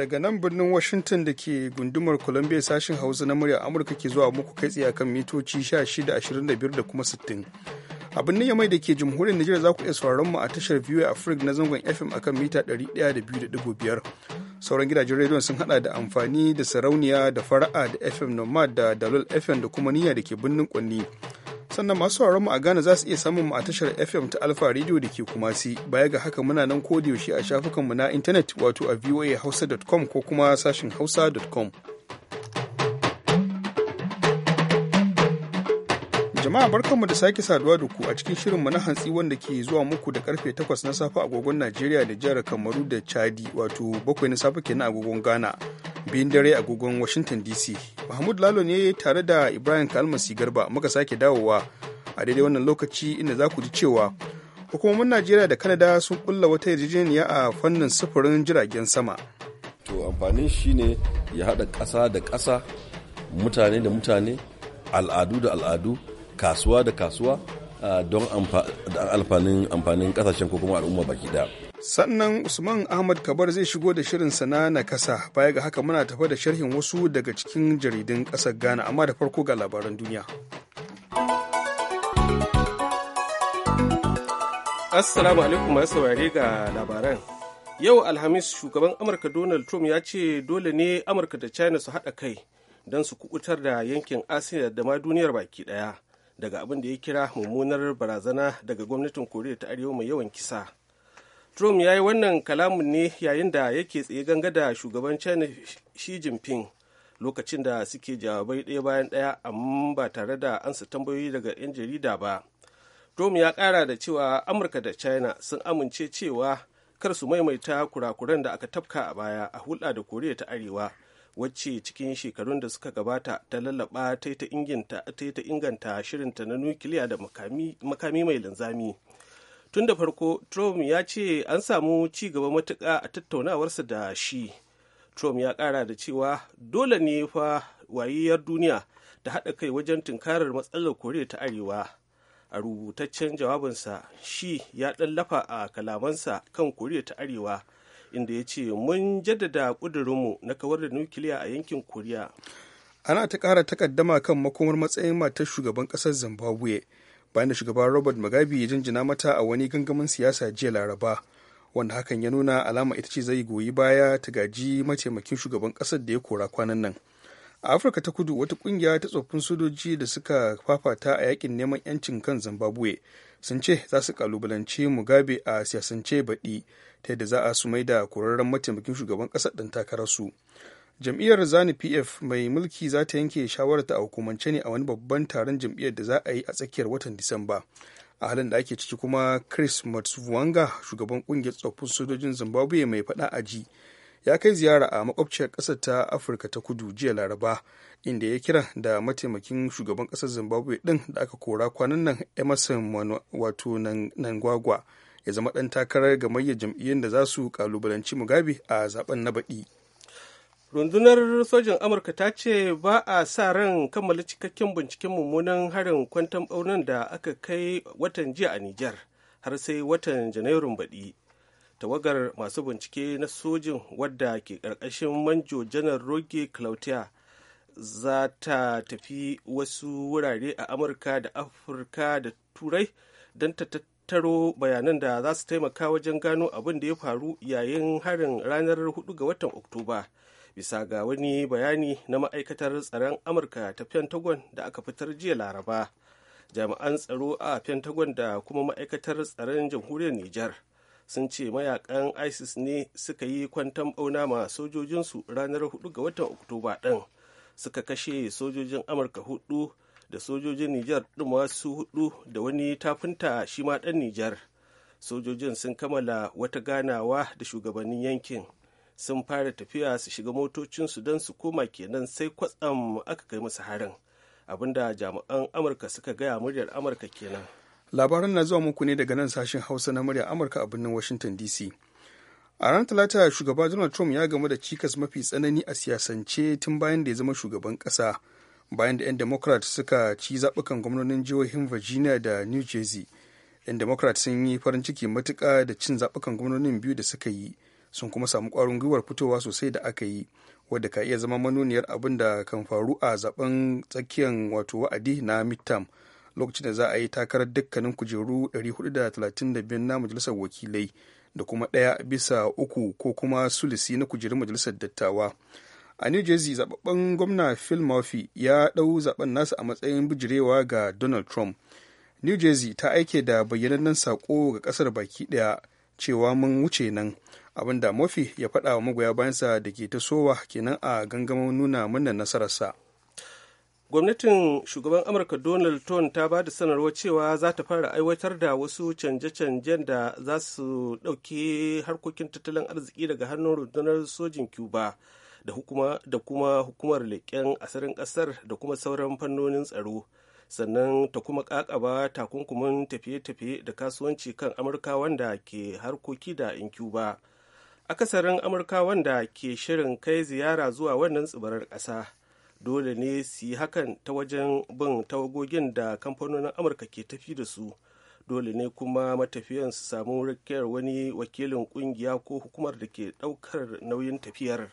daga nan birnin Washington da ke gundumar Columbia sashen Hausa na murya Amurka ke zuwa muku kai tsaye kan mitoci 1625 da kuma sittin Abin nan mai da ke jamhuriyar Nijar za ku iya sauraron mu a tashar VOA Africa na zangon FM akan mita 102.5. Sauran gidajen rediyon sun hada da amfani da sarauniya da fara'a da FM Nomad da Dalol FM da kuma niyya da ke birnin Kwanni. sannan masu mu a Ghana za su iya samun mu a tashar FM ta Alfa Radio da ke Kumasi. Baya ga haka muna nan ko da yaushe a shafukanmu na intanet wato a voahausa.com ko kuma sashin hausa.com. Jama'a barkanmu da sake saduwa da ku a cikin shirinmu na hantsi wanda ke zuwa muku da karfe 8 na safe agogon Najeriya da jihar Kamaru da Chadi wato bakwai na safe kenan agogon Ghana biyun dare agogon Washington DC. Mahmud Lalo ne tare da Ibrahim Kalmasi Garba muka sake dawowa a daidai wannan lokaci inda za ku ji cewa hukumomin Najeriya da Kanada sun kulla wata yarjejeniya a fannin sufurin jiragen sama. To amfanin shi ne ya haɗa ƙasa da ƙasa, mutane da mutane, al'adu da al'adu, kasuwa da kasuwa don alfanin amfanin kasashen ko kuma al'umma baki daya. Sannan Usman Ahmad Kabar zai shigo da shirin sana na kasa baya ga haka muna tafa da sharhin wasu daga cikin jaridun ƙasar Ghana amma da farko ga labaran duniya. Assalamu alaikum masu saurare ga labaran. Yau Alhamis shugaban Amurka Donald Trump ya ce dole ne Amurka da China su haɗa kai don su kubutar da yankin Asiya da ma duniyar baki ɗaya. daga abin da ya kira mummunar barazana daga gwamnatin koriya ta arewa mai yawan kisa trump ya yi wannan kalamun ne yayin da yake tsaye ganga da shugaban china xi jinping lokacin da suke jawabai ɗaya bayan ɗaya amma ba tare da ansa tambayoyi daga 'yan jarida ba trump ya kara da cewa amurka da china sun amince cewa kar su maimaita kurakuran da aka tafka a baya a hulɗa da koriya ta arewa wacce cikin shekarun da suka gabata ta lallaba ta ta inganta shirinta na nukiliya da makami mai linzami tun da farko trump ya ce an samu ci gaba matuƙa a tattaunawarsa da shi trump ya ƙara da cewa dole ne fa wayiyar duniya ta haɗa kai wajen tunkarar matsalar koriya ta arewa a rubutaccen jawabinsa shi ya ɗallafa a kalamansa kan koriya ta arewa inda ya ce mun jaddada ƙudurinmu na kawar da nukiliya a yankin koriya ana ta ƙara takaddama kan makomar matsayin matar shugaban ƙasar zimbabwe bayan da shugaban robert mugabe ya jinjina mata a wani gangamin siyasa jiya laraba wanda hakan ya nuna alama ita ce zai goyi baya ta gaji mataimakin shugaban ƙasar da ya kora kwanan nan a afirka ta kudu wata kungiya ta tsoffin sojoji da suka fafata a yakin neman yancin kan zimbabwe sun ce za su kalubalance mugabe a siyasance baɗi ta yadda za a su mai da kurarren mataimakin shugaban ƙasar ɗan takararsu jam'iyyar zani pf mai mulki za ta yanke shawarar ta a hukumance ne a wani babban taron jam'iyyar da za a yi a tsakiyar watan disamba a halin da ake ciki kuma chris matsuwanga shugaban kungiyar tsoffin sojojin zimbabwe mai faɗa a ji ya kai ziyara a makwabciyar ƙasar ta afirka ta kudu jiya laraba inda ya kira da mataimakin shugaban ƙasar zimbabwe ɗin da aka kora kwanan nan emerson wato nangwagwa ya zama ɗan takarar gamayyar jam'iyyun da za su kalubalanci mugabe a zaben na baɗi rundunar sojin amurka ta ce ba a sa ran kammala cikakken binciken mummunan harin kwantan ɓaunin da aka kai watan jiya a nijar har sai watan janairun baɗi tawagar masu bincike na sojin wadda ke ƙarƙashin manjo janar roge claudia za ta tafi wasu wurare a amurka da afirka da turai don ta tattaro bayanan da za su taimaka wajen gano abin da ya faru yayin harin ranar 4 ga watan oktoba bisa ga wani bayani na ma'aikatar tsaron amurka ta pentagon da aka fitar jiya laraba jami'an tsaro a pentagon da kuma ma'aikatar tsaron jamhuriyar nijar sun ce mayakan isis ne suka yi kwantan bauna ma sojojinsu ranar 4 ga watan oktoba ɗin suka kashe sojojin amurka hudu da sojojin Nijar ɗin su hudu da wani tafinta shi ma ɗan Nijar. Sojojin sun kammala wata ganawa da shugabannin yankin. Sun fara tafiya su shiga motocinsu don su koma kenan sai kwatsam aka kai musu harin. Abinda jami'an Amurka suka gaya muryar Amurka kenan. Labaran na zuwa muku ne daga nan sashen Hausa na muryar Amurka a birnin Washington DC. a ranar talata shugaba donald trump ya gamu da cikas mafi tsanani a siyasance tun bayan da ya zama shugaban kasa bayan da 'yan democrat suka ci zaɓukan gwamnonin jihohin virginia da new jersey 'yan democrat sun yi farin ciki matuka da cin zaɓukan gwamnonin biyu da suka yi sun kuma samu ƙwarin gwiwar fitowa sosai da aka yi wadda ka iya zama manoniyar abin da kan faru a zaben tsakiyar wato wa'adi na midterm lokacin da za a yi takarar dukkanin kujeru 435 na majalisar wakilai da kuma ɗaya bisa uku ko kuma sulisi na kujerun majalisar dattawa a new jersey zababben gwamna phil murphy ya ɗau zaben nasa a matsayin bijirewa ga donald trump new jersey ta aike da bayyanannen saƙo ga ƙasar baki ɗaya cewa mun wuce nan abinda murphy ya faɗa wa magoya bayansa da ke ta sowa kenan a gangamin nuna murnar nasararsa gwamnatin shugaban amurka donald trump ta ba da sanarwar cewa za ta fara aiwatar da wasu canje-canjen da za su ɗauki harkokin tattalin arziki daga hannun rundunar sojin cuba da kuma hukumar leƙen asirin ƙasar da kuma sauran fannonin tsaro sannan ta kuma ƙaƙaba takunkumin tafiye-tafiye da kasuwanci kan amurka wanda ke harkoki da in cuba akasarin amurka wanda ke shirin kai ziyara zuwa wannan tsibirar ƙasa dole ne su yi hakan ta wajen bin tawagogin da kamfanonin amurka ke tafi da su dole ne kuma matafiyan su samu rikiyar wani wakilin kungiya ko hukumar da ke ɗaukar nauyin tafiyar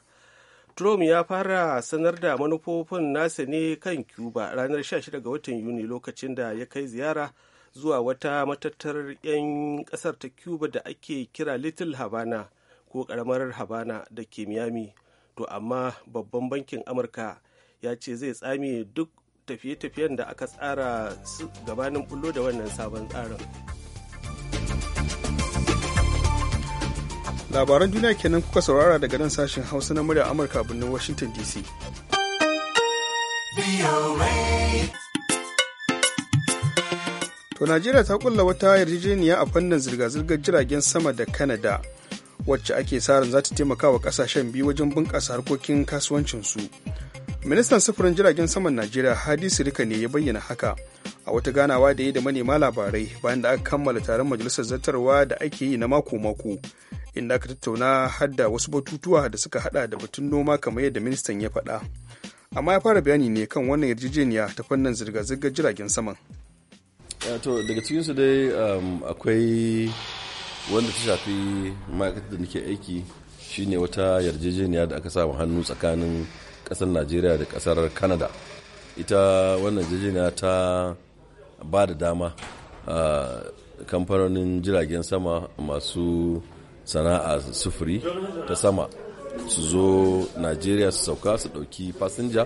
Trump ya fara sanar da manufofin nasa ne kan Cuba ranar 16 ga watan Yuni lokacin da ya kai ziyara zuwa wata matattar 'yan kasar ta Cuba da ake kira Little Havana ko karamar Havana da ke Miami. To amma babban bankin Amurka ya ce zai tsame duk tafiye-tafiyen da aka tsara gabanin bullo da wannan sabon tsarin. labaran duniya kenan kuka saurara daga nan sashen hausa na murya amurka birnin washington dc to najeriya ta kulla wata yarjejeniya a fannin zirga-zirgar jiragen sama da canada wacce ake sa ran za ta taimaka wa kasashen biyu wajen bunƙasa harkokin kasuwancinsu ministan sufurin jiragen saman najeriya hadi sirika ne ya bayyana haka a wata ganawa da yi da manema labarai bayan da aka kammala taron majalisar zartarwa da ake yi na mako-mako inda aka tattauna hadda wasu batutuwa da suka hada da batun noma kamar yadda ministan ya faɗa amma ya fara bayani ne kan wannan yarjejeniya ta fannin zirga-zirgar jiragen saman eh, to daga su dai um, akwai wanda ta shafi ma'aikatar da nake aiki shine wata yarjejeniya da aka samu hannu tsakanin kasar najeriya da kasar canada ita wannan yarjejeniya ta ba da dama kamfanonin jiragen sama masu sana'a sufuri ta sama su zo najeriya su sauka su ɗauki fasinja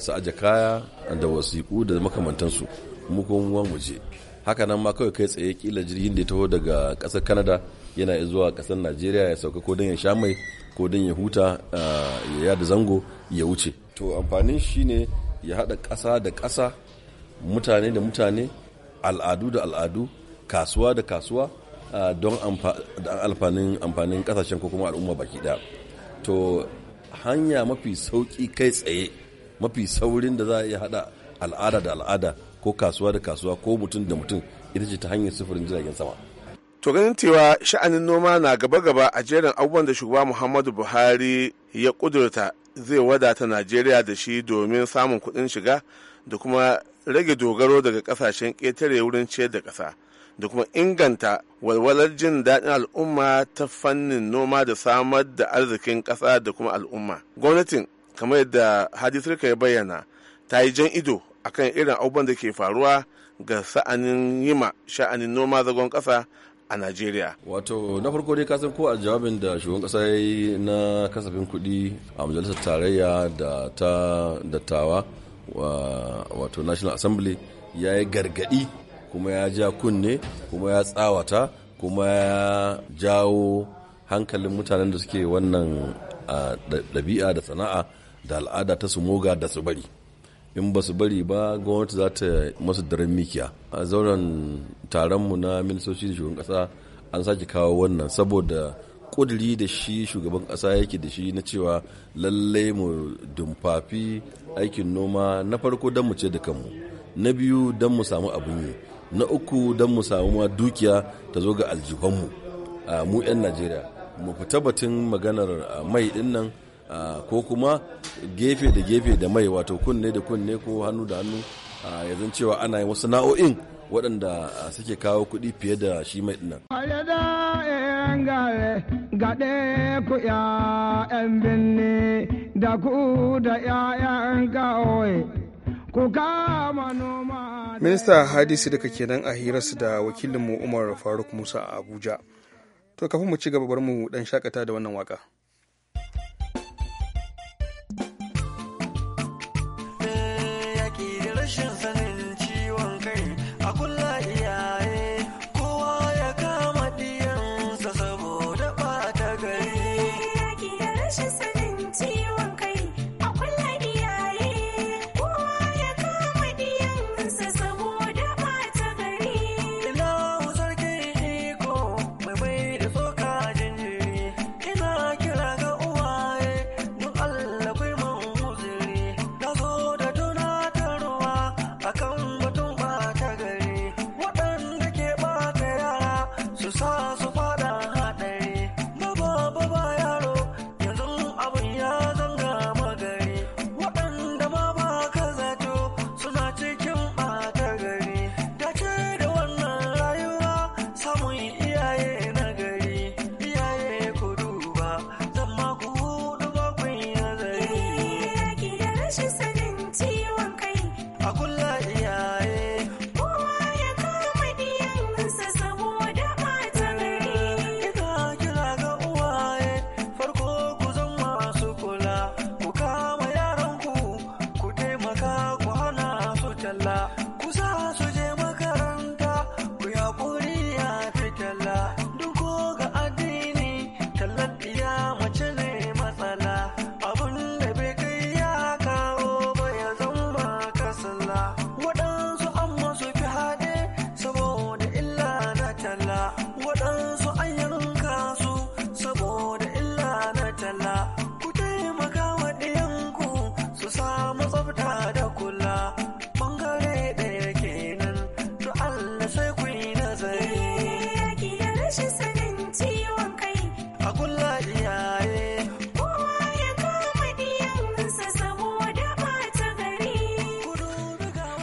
su aje kaya da wasiƙu da makamantansu mu kuma waje. haka nan ma kawai kai tsaye kila jirgin da ya taho daga ƙasar kanada yana zuwa ƙasar najeriya ya sauka ko don ya sha mai ko don ya huta ya yada zango ya wuce to amfanin shi ne ya haɗa ƙasa da ƙasa mutane da mutane al'adu da al'adu kasuwa da kasuwa ah, don amfanin kasashen ko kuma al'umma baki daya to hanya mafi sauki kai tsaye mafi saurin da za a iya hada al'ada da al'ada ko kasuwa da kasuwa ko mutum da mutum ita ce ta hanyar sufurin jiragen sama to ganin cewa sha'anin noma na gaba-gaba a jerin abubuwan da shugaba muhammadu buhari ya kudurta zai wadata najeriya da shi domin samun kuɗin shiga da kuma rage dogaro daga kasashen ƙetare wurin ciyar da ƙasa da kuma inganta walwalar jin daɗin al'umma ta fannin noma da samar da arzikin ƙasa da kuma al'umma gwamnatin kamar yadda hadisar ya bayyana ta yi jan ido akan irin abubuwan da ke faruwa ga sa'anin yima sha'anin noma zagon ƙasa a Najeriya. Wato na farko dai kasan ko a jawabin da shugaban kasa ya yi na kasafin kuɗi a majalisar tarayya da ta dattawa wato national assembly ya yi gargadi kuma ya ja kunne kuma ya tsawata kuma ya jawo hankalin mutanen da suke wannan ɗabi'a da sana'a da al'ada ta su moga da su bari in ba su bari ba gwamnati za ta masu daren mikiya a zauren mu na ministoci da shugaban ƙasa an sake kawo wannan saboda kuduri da shi shugaban ƙasa yake da shi na cewa lallai mu dumfafi aikin noma na farko don mu ce da kanmu na biyu don mu samu abin yi na uku don mu samu ma dukiya ta zo ga aljihunmu a mu 'yan najeriya mu fita batun maganar mai din nan ko kuma gefe da gefe da mai wato kunne da kunne ko hannu da hannu ya zan cewa ana yi wasu na'o'in waɗanda suke kawo kuɗi fiye da shi mai din nan eh, gargaɗe ku ‘ya'yan binne da ku da ‘ya'yan ƙawai. Ku kama noma. Minista Hadisi daga kenan a hirarsu da wakilinmu Umar Faruk Musa a Abuja. To kafin mu ci gaba bar mu dan shakata da wannan waka.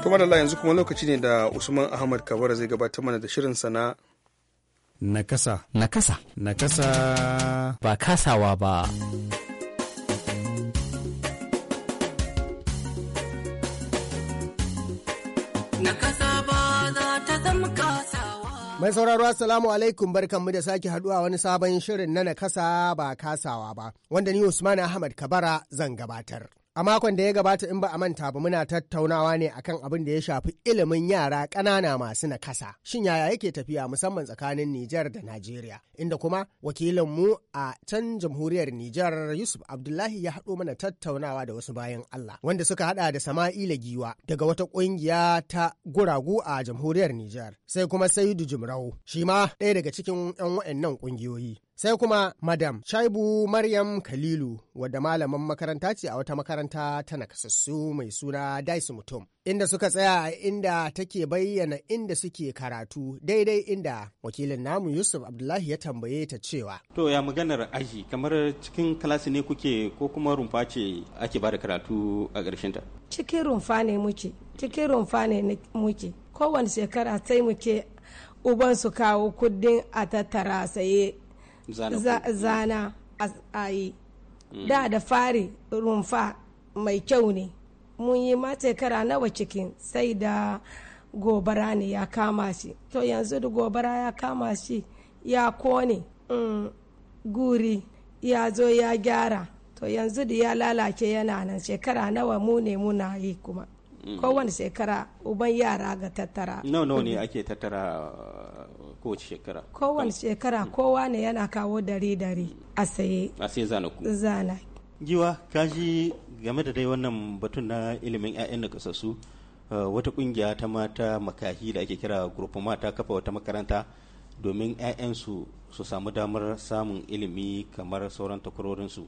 kuma da yanzu kuma lokaci ne da usman ahmad kabara zai gabatar mana da shirin sana nakasa nakasa nakasa ba kasawa ba Mai sauraro Assalamu alaikum barkanmu da sake haduwa wani sabon shirin na nakasa ba kasawa ba wanda ni Usman Ahmad Kabara zan gabatar. A makon da ya gabata in ba a manta ba muna tattaunawa ne akan abin da ya shafi ilimin yara ƙanana masu nakasa. Shin yaya yake tafiya musamman tsakanin Nijar da Najeriya? Inda kuma wakilin mu a can jamhuriyar Nijar Yusuf Abdullahi ya haɗo mana tattaunawa da wasu bayan Allah wanda suka haɗa da Sama'ila Giwa daga wata ƙungiya ta guragu a jamhuriyar Nijar. Sai kuma Saidu Jimrau shi ma ɗaya daga cikin 'yan waɗannan ƙungiyoyi. Sai kuma Madam Shaibu Maryam Kalilu wadda malaman makaranta ce a wata makaranta ta nakasassu mai suna daisu Mutum. Inda suka tsaya a inda take bayyana inda suke karatu daidai inda wakilin namu Yusuf Abdullahi ya tambaye ta cewa. To ya maganar aji kamar cikin kalasi ne kuke ko kuma rumfa ce ake bada karatu a ƙarshen ta? Cikin rumfa ne muke, cikin rumfa ne muke. Kowane shekara sai muke uban su kawo kudin a tattara saye zana a yi da da fari rumfa mai kyau ne mun yi matekara nawa cikin sai da gobara ne ya kama shi to yanzu da gobara ya kama shi ya kone mm, guri ya zo ya gyara to yanzu da ya lalace yana nan shekara nawa mu ne muna yi kuma mm. kowane shekara uban yara ga tattara nawa ne mm. ake tattara kowace shekara kowane shekara mm. kowa ne yana kawo dare dare a saye a saye zana ku zana giwa kaji game da dai wannan batun na ilimin 'ya'yan da kasassu uh, wata kungiya ta mata makahi da ake kira gurfuma mata kafa wata makaranta domin ya'yan su samu damar samun ilimi kamar sauran takwarorinsu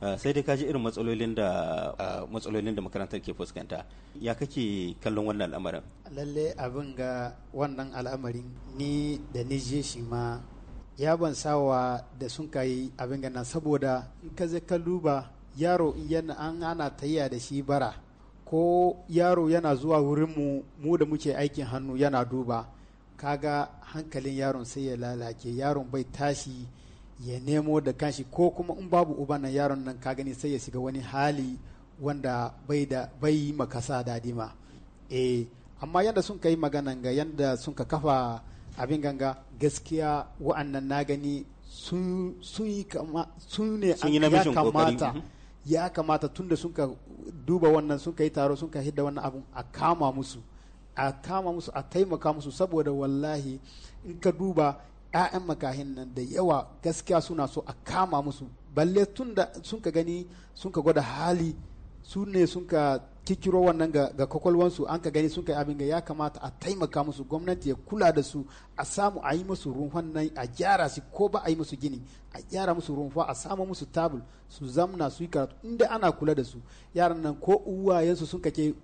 Eh, sai dai kaji irin matsalolin da eh, matsalolin da makarantar ke fuskanta ya kake kallon wannan al'amarin lalle abin ga wannan al'amarin ni da ni je shi ma ya ban sawa da sun kai abin ga gana saboda in ka je ka duba yaro yana an ana tayya da shi bara ko yaro yana zuwa wurinmu mu da muke aikin hannu yana duba kaga hankalin yaron sai ya lalace yaron bai tashi ya nemo da kanshi ko kuma in babu uba nan yaron nan ka gani sai ya shiga wani hali wanda bai da bai makasa dadi ma eh amma yadda sun kai maganan ga yadda sun ka kafa abin ganga gaskiya wa'annan na gani sun yi kama ne ya kamata mhm. ya kamata tunda sun ka duba wannan sun ka yi taro sun ka hidda wannan abun a kama musu a kama musu a taimaka musu saboda wallahi in ka duba 'ya'yan makahin nan da yawa gaskiya suna so a kama musu balle tun da sun ka gani sun ka gwada hali su ne sun ka kikiro wannan ga, kwakwalwansu an ka gani sun ka abin ga ya kamata a taimaka musu gwamnati ya kula da su a samu a yi musu rumfan nan a gyara su ko ba a yi musu gini a gyara musu rumfa a samu musu tabul su zamna su yi karatu inda ana kula da su yaran nan ko uwayensu sun ka ke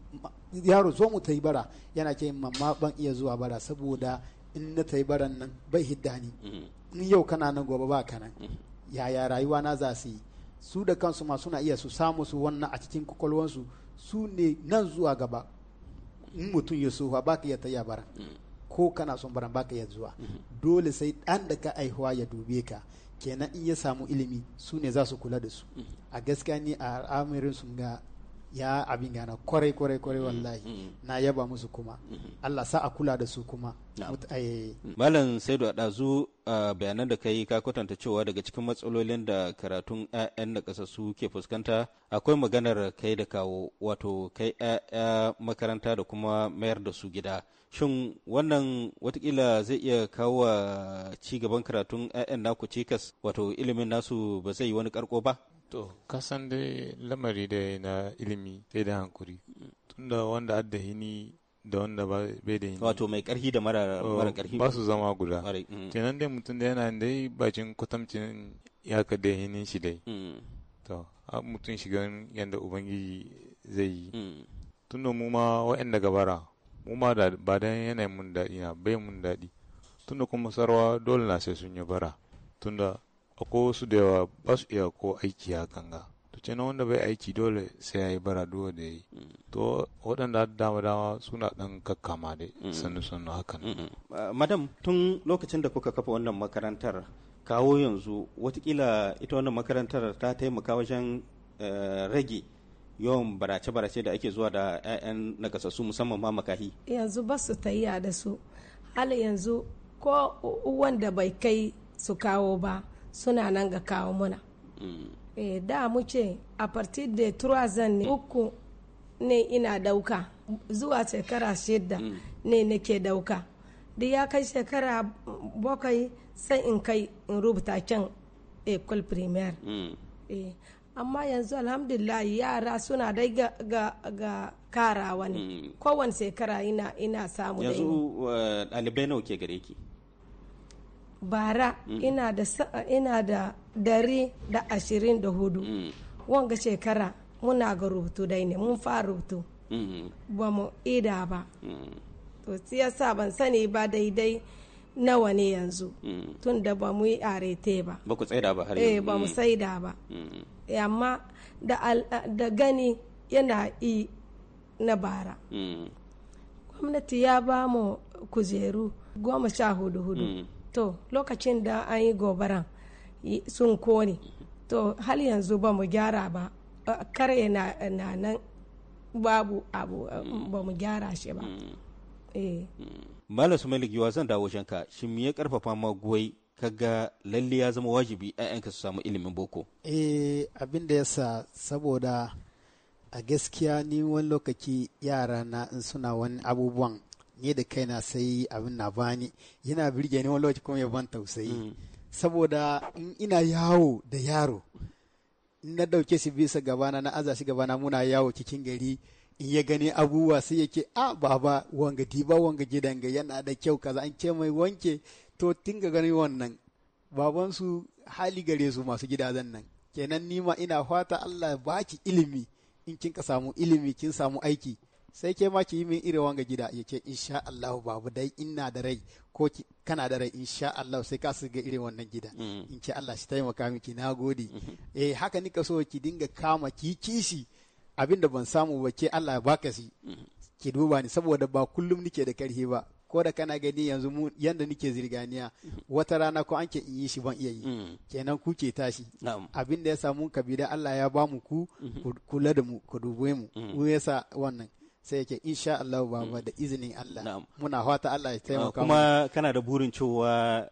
yaro zo mu ta yi bara yana ke mamma ban iya zuwa bara saboda in na ta yi baran nan bai hidda ni mm-hmm. in yau kana nan gobe ba kana mm-hmm. yaya rayuwa na za su yi su da kansu ma suna iya su samu su wannan a cikin kwakwalwansu su ne nan zuwa gaba in mutum ya sofa ba ka iya ta mm-hmm. ko kana son baran ba ka iya zuwa dole sai ɗan da ka aihuwa ya dube ka kenan in ya samu ilimi su ne za su kula da su a gaskiya ne a al'amarin sun ga ya abin gana kwarai kwarai kwarai mm, wallahi mm. na yaba musu kuma mm, Allah sa a kula da su kuma eh. malam saidu a ɗazu bayanan da kai ka kwatanta cewa daga cikin matsalolin da karatun 'ya'yan da ƙasa su ke fuskanta akwai maganar kai da kawo wato kai 'ya'ya makaranta da kuma mayar da su gida shin wannan watakila zai iya kawo wa ci gaban karatun 'ya'yan naku cikas wato ilimin nasu ba zai yi wani karko ba To, kasan dai lamari da na ilimi sai da hankuri. Tunda wanda adda hini da wanda bai da hini. Wato mai karhi da mara karhi. Oh, ba su zama guda. Mm. Kenan dai mutum da yana dai bacin kwatamcin ya ka da hinin shi dai. Mm. To, mutum shiga yadda Ubangiji zai yi. Mm. Tunda mu ma wa'yan da gabara, mu ma da ba da yanayin mun daɗi na bai mun daɗi. Tunda kuma sarwa dole na sai sun yi bara. Tunda akwai wasu da yawa ba su iya ko aiki hakan ga to ce wanda bai aiki dole sai ya yi bara dole da yi mm. to waɗanda dama dama suna ɗan kakkama dai mm. sannu sannu hakan uh, madam tun lokacin da kuka kafa wannan makarantar kawo yanzu watakila ita wannan makarantar ta taimaka wajen uh, rage yawan barace-barace da ake zuwa da 'ya'yan nagasassu musamman ma makahi yanzu ba su tayya da su hali yanzu ko wanda bai kai su kawo ba suna nan ga kawo muna mm. eh da muke a partir da turazan ne uku ne ina dauka zuwa shekara shida mm. ne nake dauka da ya kai shekara bakwai sai in kai in rubuta can ecole primaire mm. eh, amma yanzu alhamdulillah yara suna dai ga, kara wani karawa kowane shekara ina, da yi. yanzu eh, ɗalibai nawa ke gare ki bara mm. ina da ina da dari da ashirin da hudu mm. wanga shekara muna ga rubutu dai ne mun fara rubutu mm. ba mu ida ba to siyasa ban sani ba daidai nawa ne yanzu tun da ba mu yi arete ba ba ku tsaida ba har eh, yanzu ba mu tsaida ba amma da gani yana i na bara gwamnati ya ba mu kujeru goma sha hudu hudu mm. to lokacin da an yi gobaran sun kone to hal yanzu ba mu gyara ba kare na nan babu abu mm. ba mu gyara shi ba mm. Eh. malam su giwa zan dawo shanka shi mu ya karfafa magoyi kaga lalle ya zama wajibi yanka su samu ilimin boko eh abin da yasa saboda a gaskiya ni wani lokaci yara na in suna wani abubuwan ni da kaina sai abin na bani yana birge ni wani lokaci kuma ya ban tausayi mm. saboda in ina yawo da yaro in na dauke shi bisa gabana na aza shi gabana muna yawo cikin gari in ya gani abubuwa sai yake a baba wanga diba wanga gidanga yana da kyau kaza an ce mai wanke to tun ga gani wannan baban su hali gare su masu gidajen nan kenan nima ina fata Allah ya baki ilimi in kin ka samu ilimi kin samu aiki sai ke ma ki yi min irin wanga gida ya yake insha Allah babu dai ina da rai ko kana da rai insha Allah sai ka ga irin wannan gida mm-hmm. in ki Allah shi taimaka miki na gode mm-hmm. eh haka nika so ki dinga kama ki kishi abinda ban samu ba ke Allah ya baka shi mm-hmm. ki duba ni saboda ba kullum nike da karhi ba ko da kana gani yanzu mu yanda nike zirganiya wata rana ko an ke in yi shi ban iya yi kenan ku ke tashi abin da ya samu kabila Allah ya ba mu ku kula da mu ku dubo mu ku yasa wannan sai yake insha Allah baba mm. da izinin Allah muna fata Allah ya taimaka ah, kuma kana da burin cewa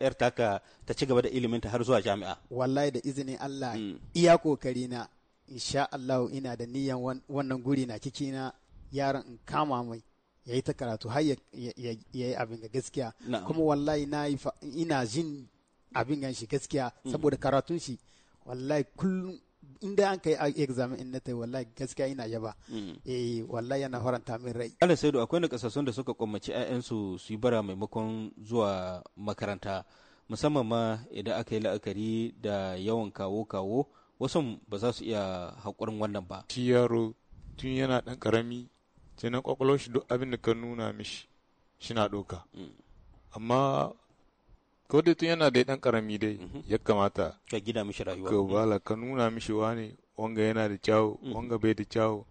yar taka ta ci gaba da ilimin ta har zuwa jami'a wallahi da izinin Allah mm. iya kokari na insha Allah ina da niyan wannan guri na kiki na yaron in kama mai ya ta karatu har ya yi abin ga gaskiya kuma wallahi na ina jin abin gan shi gaskiya mm. saboda karatun shi wallahi kullum in dai an kai examen in na ta wallahi gaskiya ina yaba mm. eh wallahi yana faranta min rai Allah sai akwai na kasassun da suka kwamace yayan su yi bara maimakon zuwa makaranta musamman ma idan aka yi la'akari da yawan kawo-kawo wasu ba za su iya haƙurin wannan ba. Shi yaro tun yana ɗan ƙarami sai na ƙwaƙwalwar shi duk abin da ka nuna mishi shi na doka mm. Amma ko dai tun yana da dan karami dai mhm. ya kamata ka gina mishi rayuwa ka bala ka nuna mishi wani wanga yana da kyawu mhm. wanga bai da kyawu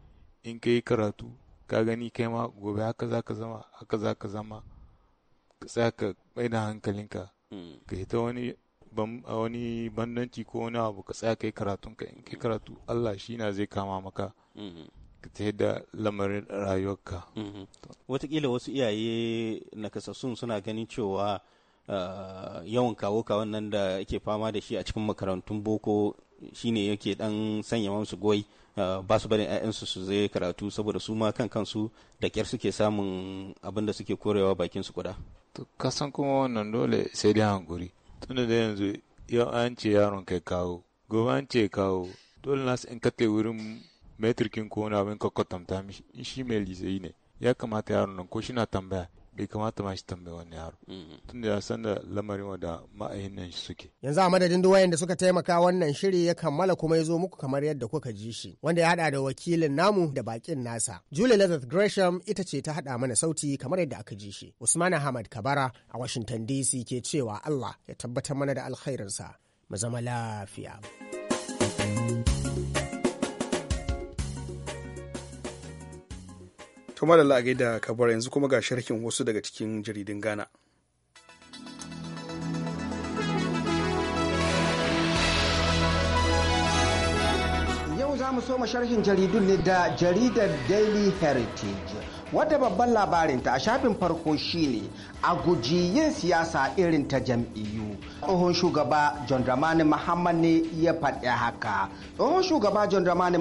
in ka yi karatu ka gani kai ma gobe haka za ka zama haka za ka zama ka tsaya ka mai da hankalinka mm. ka hita wani a wani bandanci ko wani abu ka tsaya kai karatun ka in kai karatu Allah shi na zai kama maka mm-hmm. ka ta da lamarin rayuwarka. Mm-hmm. Wataƙila wasu iyaye nakasassun suna ganin cewa Eh, yawan kawo kawon nan da ake fama da shi a cikin makarantun boko shine yake dan sanya musu goyi eh, ba su bari 'ya'yansu su zai karatu saboda su ma kan kansu da kyar suke samun abin da suke korewa bakin su kuda to ka san kuma wannan dole sai dai hankuri tunda da yanzu yau an ce yaron kai kawo gobe an ce kawo dole nasu in ka wurin metrikin ko wani abin ka kwatanta shi mai lizayi ne ya kamata yaron nan ko shi na tambaya bai kamata ma shi tambaye wani yaro mm-hmm. tun da ya san da lamarin da ma'ayin nan suke yanzu a madadin duk wayanda suka taimaka wannan shiri ya kammala kuma ya zo muku kamar yadda kuka ji shi wanda ya hada da wakilin namu da bakin nasa Julie Elizabeth Gresham ita ce ta hada mana sauti kamar yadda aka ji shi Usman Ahmad Kabara a Washington DC ke cewa Allah ya tabbatar mana da alkhairinsa mu zama lafiya. to malalla a gaida kabar yanzu kuma ga sharhin wasu daga cikin jaridun ghana yau za mu soma sharhin jaridun ne da jaridar daily heritage Wata babban labarinta a shafin farko shine a guji yin siyasa irin ta jam'iyyu tsohon shugaba john dramani ne ya faɗi haka tsohon shugaba john dramani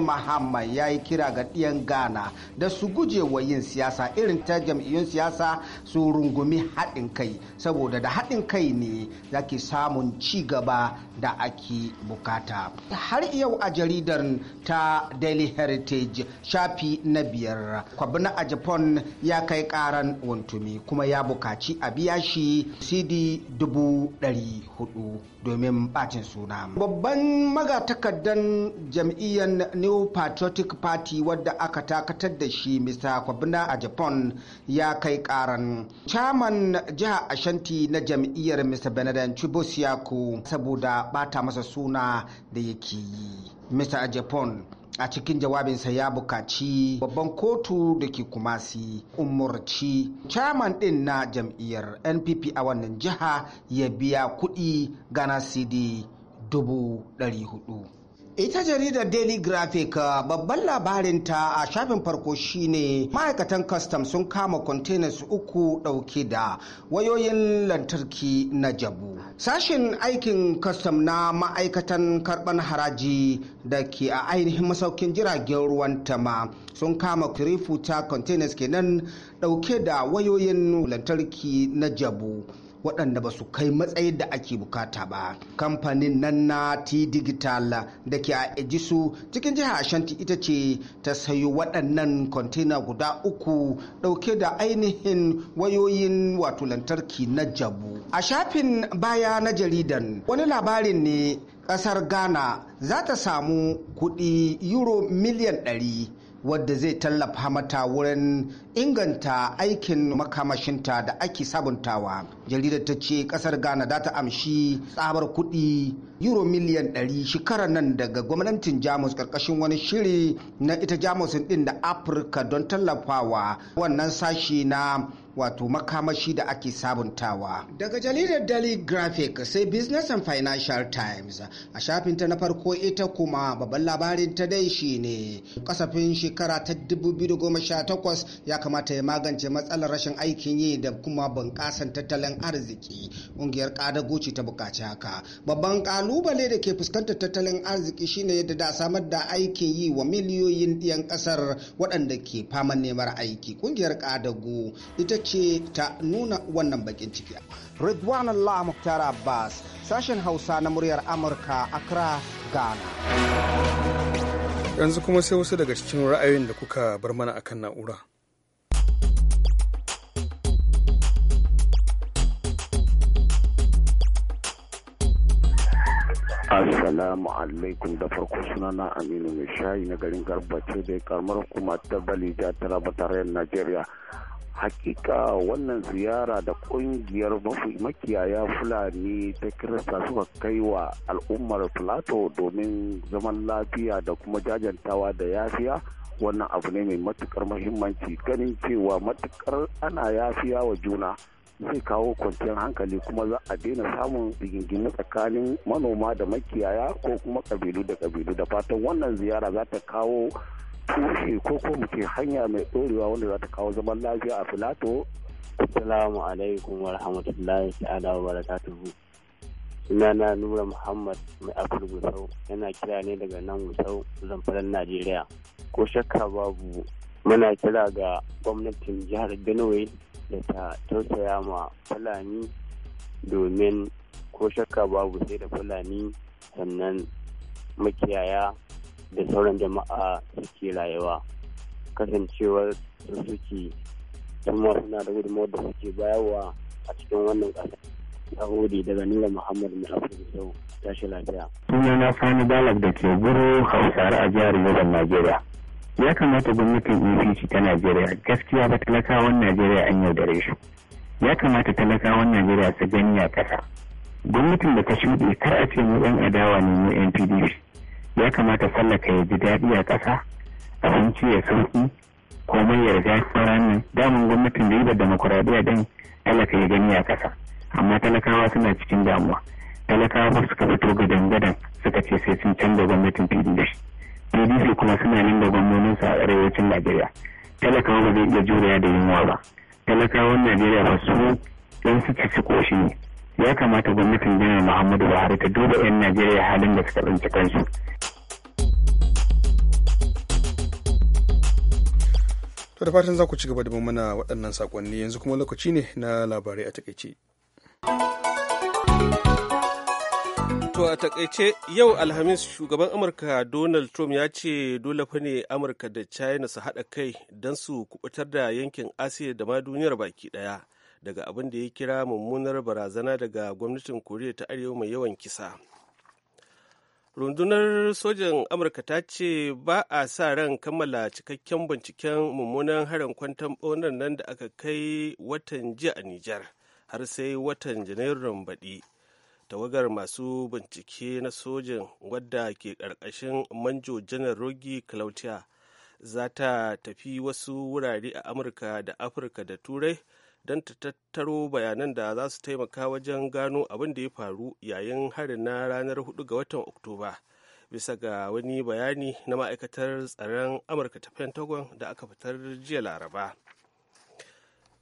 ya yi kira ga ɗiyan ghana da su guje wa yin siyasa irin ta jam'iyyun siyasa su rungumi haɗin kai saboda da haɗin kai ne zaki samun ci gaba da ake bukata har yau a jaridar ta daily heritage shafi na biyar kwabna a japan John ya kai karan wantumi kuma ya bukaci a biya shi CD dubu ɗari hudu domin bacin suna. Babban magatakardan jam'iyyar New Patriotic Party wadda aka takatar da shi Mr. Kwabna a Japan ya kai karan. Chairman jiha Ashanti na jam'iyyar Mr. Benedict Chibosiaku saboda bata masa suna da yake yi. Mr. Japan a cikin jawabinsa ya bukaci babban kotu da ke kumasi umarci chairman din na jam'iyyar npp a wannan jiha ya biya kuɗi gana cd dubu ɗari hudu Ita jaridar Daily Graphic uh, babban labarinta a shafin farko shine ma'aikatan kastam sun kama kwantenas uku ɗauke da wayoyin lantarki na jabu. Sashen aikin kastam na ma'aikatan karban haraji da ke a ainihin masaukin jiragen ruwan tama sun kama kirifuta kwantenas kenan ɗauke da wayoyin lantarki na jabu. waɗanda ba su kai matsayin da ake bukata ba kamfanin nan na t digital da ke a ejisu cikin jihar ashanti ita ce ta sayo waɗannan kwantena guda uku ɗauke da ainihin wayoyin wato lantarki na jabu a shafin baya na jaridan wani labarin ne ƙasar ghana za ta samu kuɗi euro miliyan 100 wadda zai tallafa mata wurin inganta aikin makamashinta da ake sabuntawa jaridar ta ce kasar ghana za ta amshi tsabar kuɗi euro miliyan 100 shekarar nan daga gwamnatin jamus karkashin wani shiri na ita jamus din da afirka don tallafawa wannan sashi na wato makamashi da ake sabuntawa. Daga jaridar Daily Graphic sai Business and Financial Times a shafinta na farko ita kuma babban labarin ta dai shi ne kasafin shekara ta 2018 ya kamata ya magance matsalar rashin aikin yi da kuma bunƙasan tattalin arziki. Ƙungiyar Kadagoci ta buƙaci haka. Babban ƙalubale da ke fuskantar tattalin arziki shine yadda da samar da aikin yi wa miliyoyin 'yan ƙasar waɗanda ke faman neman aiki. Ƙungiyar Kadago ita ce ta nuna wannan bakin ciki Ridwan Allah Mukhtar Abbas sashen Hausa na muryar Amurka Accra Ghana yanzu kuma sai wasu daga cikin ra'ayoyin da kuka bar mana akan na'ura Assalamu alaikum da farko sunana Aminu Mishayi na garin ce da karamar kuma ta Balija ta raba Najeriya. hakika wannan ziyara da kungiyar makiyaya fulani ta kirista suka kai wa al'ummar plato domin zaman lafiya da kuma jajantawa da yafiya wannan abu ne mai matukar mahimmanci ganin cewa matukar ana yafiya wa juna zai kawo kwanciyar hankali kuma za a daina samun rigingine tsakanin manoma da makiyaya ko kuma kabilu da kabilu da fatan wannan ziyara za ta kawo tushe ko ko muke hanya mai ɗorewa wanda za ta kawo zaman lafiya a filato. Assalamu alaikum wa rahmatullahi ta'ala wa barakatuhu. Sunana Nura Muhammad mai Afir Gusau yana kira ne daga nan Gusau zamfaran Najeriya. Ko shakka babu muna kira ga gwamnatin jihar Benue da ta tausaya ma Fulani domin ko shakka babu sai da Fulani sannan makiyaya da sauran jama'a suke rayuwa kasancewar suke kuma suna da gudunmawar da suke bayarwa a cikin wannan ƙasa Ya gode daga nuna muhammad mai afirka sau tashi lafiya. suna na sani dalar da ke guru hausare a jihar yoban najeriya ya kamata gwamnatin efcc ta najeriya gaskiya ba talakawan najeriya an yaudare su ya kamata talakawan najeriya su gani a ƙasa gwamnatin da ta shuɗe kar a ce mu ɗan adawa ne mu yan pdp ya kamata sallaka ya ji daɗi a ƙasa abinci ya sauki komai ya riga ranar damun gwamnatin da yi da demokuraɗiyya don talaka ya gani a ƙasa amma talakawa suna cikin damuwa talakawa suka fito gadan-gadan suka ce sai sun canza gwamnatin pdp pdp kuma suna nan da gwamnoninsu a arewacin najeriya talakawa ba zai iya juriya da yunwa ba talakawan najeriya ba su ɗan su ci koshi ne ya kamata gwamnatin janar muhammadu buhari ta duba 'yan najeriya halin da suka tsinci kansu to da fatan za ku ci gaba da mana waɗannan sakonni yanzu kuma lokaci ne na labarai a takaice To a takaice yau Alhamis shugaban Amurka Donald Trump ya ce dole fa ne Amurka da China su haɗa kai don su kubutar da yankin Asiya da ma duniyar baki ɗaya daga abin da ya kira mummunar barazana daga gwamnatin Koriya ta Arewa mai yawan kisa. rundunar sojan amurka ta ce ba a sa ran kammala cikakken binciken mummunan harin kwantan ɓaunar nan da aka kai watan jiya a nijar har sai watan janairun baɗi tawagar masu bincike na sojin wadda ke ƙarƙashin manjo janar rogi claudia za ta tafi wasu wurare a amurka da afirka da turai don ta tattaro bayanan da za su taimaka wajen gano abin da ya faru yayin harin na ranar 4 ga watan oktoba bisa ga wani bayani na ma'aikatar tsaron amurka ta pentagon da aka fitar jiya laraba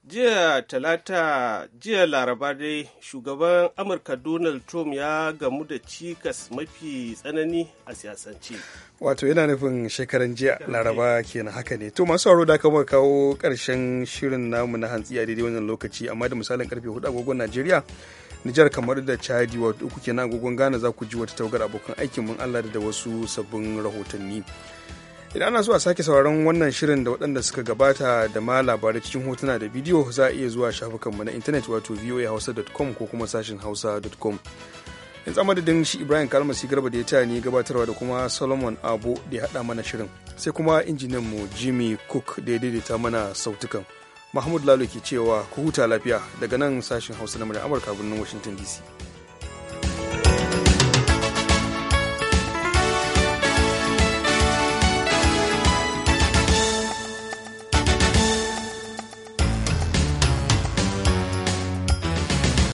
jiya talata jiya laraba dai shugaban amurka donald trump ya gamu da cikas mafi tsanani a siyasance wato yana nufin shekaran jiya laraba kenan haka ne to masu aro da kawo kawo karshen shirin namu na hantsi a daidai wannan lokaci amma da misalin karfe hudu agogon najeriya nijar kamar da chadi wato uku kenan agogon ghana za ku ji wata taugar abokan aikin mun allah da wasu sabbin rahotanni idan ana so a sake sauraron wannan shirin da waɗanda suka gabata da ma labarai cikin hotuna da bidiyo za a iya zuwa shafukanmu na intanet wato voahausa.com ko kuma sashin hausa.com in tsamadadin shi ibrahim kalmasi garba da ya taya ni gabatarwa da kuma solomon abu da ya haɗa mana shirin sai kuma mu jimmy cook da ya daidaita mana sautukan mahmud lalo ke cewa ku huta lafiya daga nan sashin hausa na amurka birnin washington dc